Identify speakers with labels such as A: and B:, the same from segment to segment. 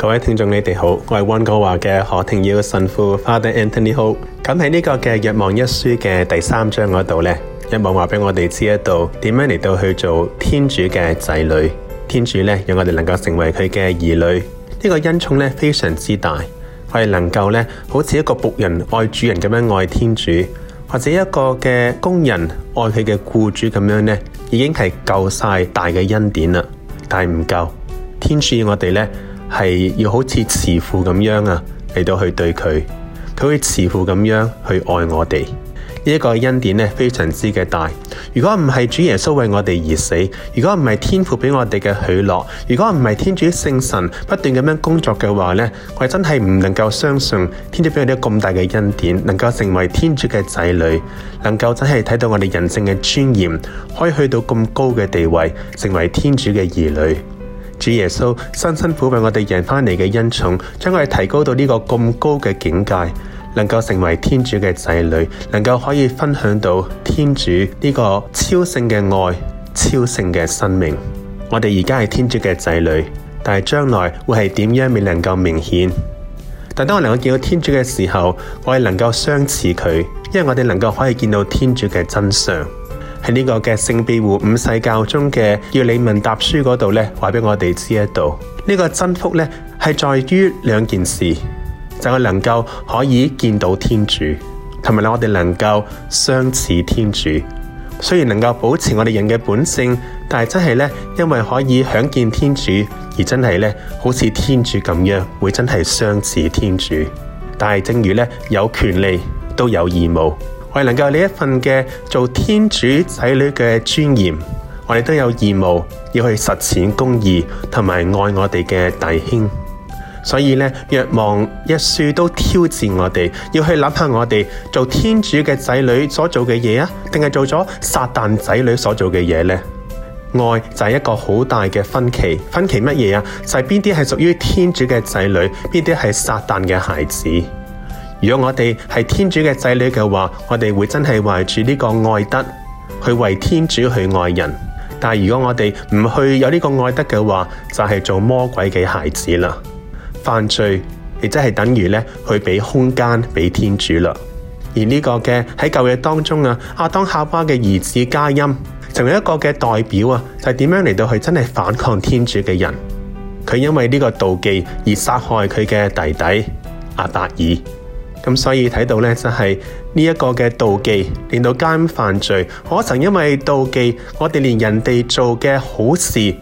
A: 各位聽眾，你哋好，我係温哥華嘅何庭耀神父 Father Anthony Ho。咁喺呢個嘅《若望一書》嘅第三章嗰度咧，《若望》話俾我哋知，一度點樣嚟到去做天主嘅仔女。天主咧，讓我哋能夠成為佢嘅兒女。呢、呢個恩寵咧，非常之大，我哋能夠咧，好似一個僕人愛主人咁樣愛天主，或者一個嘅工人愛佢嘅雇主咁樣咧，已經係夠晒大嘅恩典啦。但係唔夠天主我呢，我哋咧。係要好似慈父咁樣啊，嚟到去對佢，佢會慈父咁樣去愛我哋。呢一個恩典呢，非常之嘅大。如果唔係主耶穌為我哋而死，如果唔係天父俾我哋嘅許諾，如果唔係天主聖神不斷咁樣工作嘅話呢，我真係唔能夠相信天主俾我哋咁大嘅恩典，能夠成為天主嘅仔女，能夠真係睇到我哋人性嘅尊嚴，可以去到咁高嘅地位，成為天主嘅兒女。主耶穌辛辛苦苦為我哋贏翻嚟嘅恩寵，將我哋提高到呢個咁高嘅境界，能夠成為天主嘅仔女，能夠可以分享到天主呢個超性嘅愛、超性嘅生命。我哋而家係天主嘅仔女，但係將來會係點樣未能夠明顯。但係當我能夠見到天主嘅時候，我哋能夠相似佢，因為我哋能夠可以見到天主嘅真相。喺呢個嘅聖庇護五世教宗嘅要理問答書嗰度咧，話俾我哋知道，這個、呢個真福咧係在於兩件事，就係、是、能夠可以見到天主，同埋我哋能夠相似天主。雖然能夠保持我哋人嘅本性，但係真係咧，因為可以享見天主，而真係咧，好似天主咁樣，會真係相似天主。但係正如咧，有權利都有義務。為能夠呢一份嘅做天主仔女嘅尊嚴，我哋都有義務要去實踐公義，同埋愛我哋嘅弟兄。所以呢，若望一書都挑戰我哋，要去諗下我哋做天主嘅仔女所做嘅嘢啊，定係做咗撒旦仔女所做嘅嘢呢？愛就係一個好大嘅分歧，分歧乜嘢啊？就係邊啲係屬於天主嘅仔女，邊啲係撒旦嘅孩子？如果我哋係天主嘅子女嘅話，我哋會真係懷住呢個愛德去為天主去愛人。但如果我哋唔去有呢個愛德嘅話，就係、是、做魔鬼嘅孩子啦。犯罪亦即係等於呢去俾空間俾天主啦。而呢個嘅喺舊約當中啊，亞當夏娃嘅兒子加音，成為一個嘅代表啊，就係點樣嚟到去真係反抗天主嘅人。佢因為呢個妒忌而殺害佢嘅弟弟亞伯爾。咁、嗯、所以睇到咧，就係呢一個嘅妒忌，令到加音犯罪。我曾因為妒忌，我哋連人哋做嘅好事，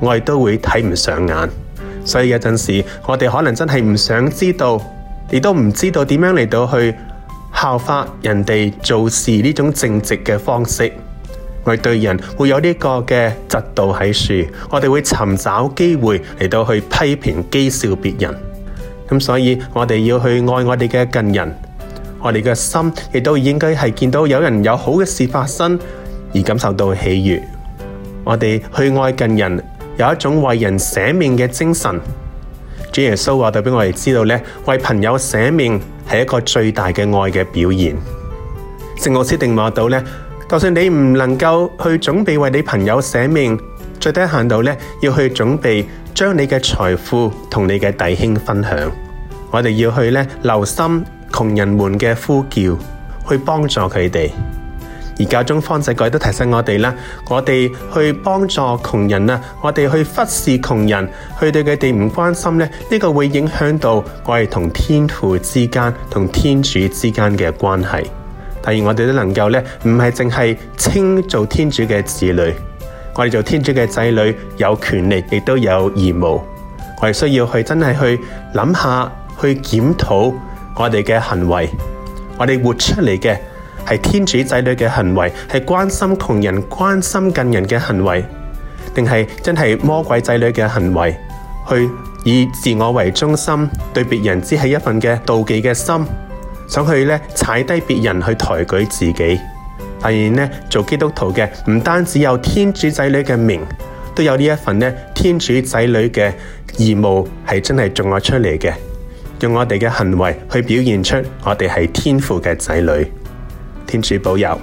A: 我哋都會睇唔上眼。所以有陣時，我哋可能真係唔想知道，亦都唔知道點樣嚟到去效法人哋做事呢種正直嘅方式，我哋對人會有呢個嘅嫉妒喺度，我哋會尋找機會嚟到去批評譏笑別人。咁所以我哋要去愛我哋嘅近人，我哋嘅心亦都應該係見到有人有好嘅事發生，而感受到喜悅。我哋去愛近人，有一種為人捨命嘅精神。主耶穌話俾我哋知道呢，為朋友捨命係一個最大嘅愛嘅表現。聖奧斯定話到呢，就算你唔能夠去準備為你朋友捨命，最低限度咧，要去準備將你嘅財富同你嘅弟兄分享。我哋要去咧留心窮人們嘅呼叫，去幫助佢哋。而教宗方濟各都提醒我哋啦，我哋去幫助窮人啊，我哋去忽視窮人，去對佢哋唔關心咧，呢、這個會影響到我哋同天父之間、同天主之間嘅關係。第二，我哋都能夠咧，唔係淨係稱做天主嘅子女。我哋做天主嘅仔女，有權利亦都有義務。我哋需要去真係去諗下，去檢討我哋嘅行為。我哋活出嚟嘅係天主仔女嘅行為，係關心窮人、關心近人嘅行為，定係真係魔鬼仔女嘅行為？去以自我為中心，對別人只係一份嘅妒忌嘅心，想去咧踩低別人去抬舉自己。當然呢，做基督徒嘅唔單止有天主仔女嘅名，都有呢一份呢天主仔女嘅義務，係真係做咗出嚟嘅，用我哋嘅行為去表現出我哋係天父嘅仔女。天主保佑。